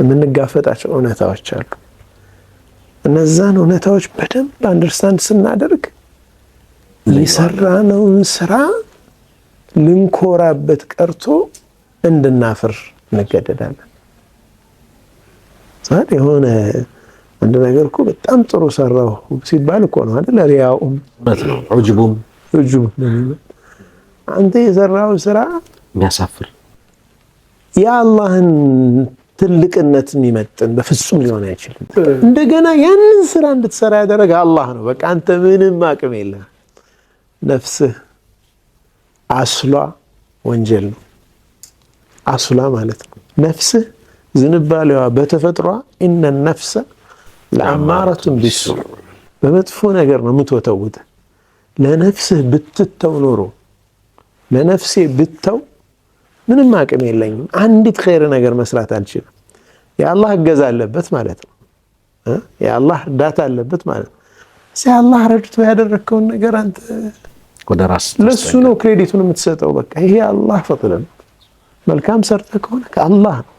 የምንጋፈጣቸው እውነታዎች አሉ። እነዛን እውነታዎች በደንብ አንደርስታንድ ስናደርግ የሰራነውን ስራ ልንኮራበት ቀርቶ እንድናፍር እንገደዳለን። የሆነ አንድ ነገር እኮ በጣም ጥሩ ሰራሁ ሲባል እኮ ነው አይደል? ሪያኡም ዑጅቡም አንተ የሰራው ስራ የሚያሳፍር የአላህን ትልቅነት የሚመጥን በፍጹም ሊሆን አይችልም። እንደገና ያንን ስራ እንድትሰራ ያደረገ አላህ ነው። በቃ አንተ ምንም አቅም የለም። ነፍስህ አስሏ ወንጀል ነው። አስሏ ማለት ነው ነፍስህ ዝንባሌዋ በተፈጥሯ ኢነ ነፍሰ ለአማረቱን ቢሱ በመጥፎ ነገር ነው የምትወተውተ። ለነፍስህ ብትተው ኖሮ ለነፍሴ ብተው ምንም አቅም የለኝም፣ አንዲት ኸይር ነገር መስራት አልችልም። የአላህ እገዛ አለበት ማለት ነው። የአላህ እርዳታ አለበት ማለት ነው። እዚህ አላህ ረድቶ ያደረግከውን ነገር አንተ ወደ ራስ ለሱ ነው ክሬዲቱን የምትሰጠው። በቃ ይሄ አላህ ፈጥለ መልካም ሰርተህ ከሆነ ከአላህ ነው።